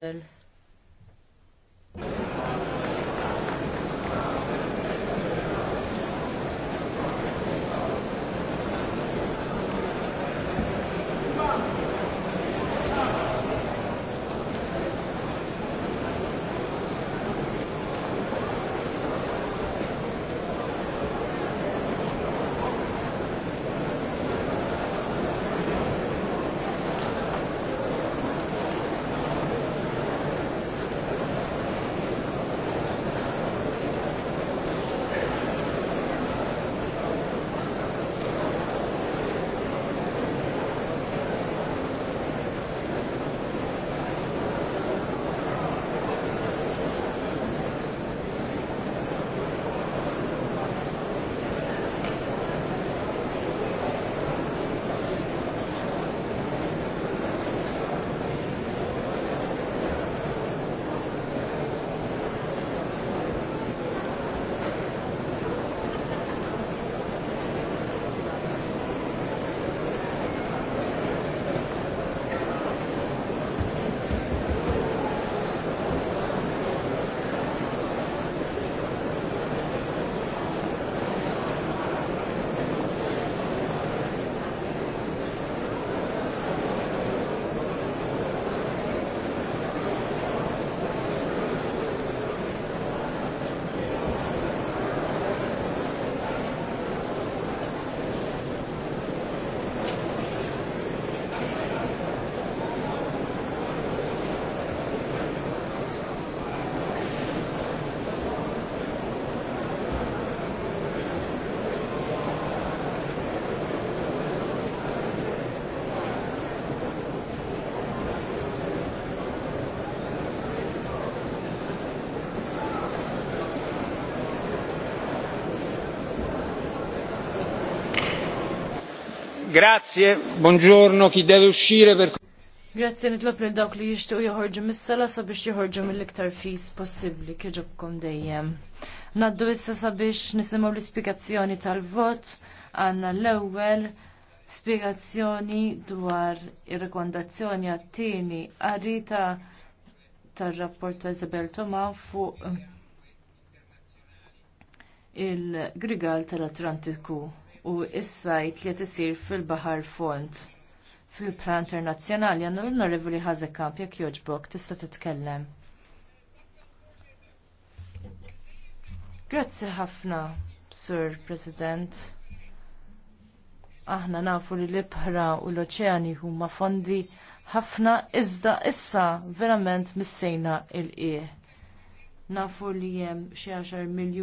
Ellen. Grazie, buongiorno, chi deve uscire per... Grazie nitlob lil dawk li jixtiequ joħorġu mis-sala sabiex joħorġu mill-iktar fis possibbli kieġobkom dejjem. Naddu issa sabiex nisimgħu l-ispjegazzjoni tal-vot għandna l-ewwel spjegazzjoni dwar ir-rekomendazzjoni għat-tieni għarita tar-rapport ta' Isabel Toma fuq il-grigal tal-Atlantiku u s-sajt li qed isir fil-Baħar Font fil-plan internazzjonali għandna l-onorevoli Ħażekamp jekk jogħġbok tista' titkellem. Grazzi ħafna, Sur President. Aħna nafu li l-ibħra u l-oċeani huma fondi ħafna iżda issa verament missejna il qie Nafu li hemm xi 10 miljun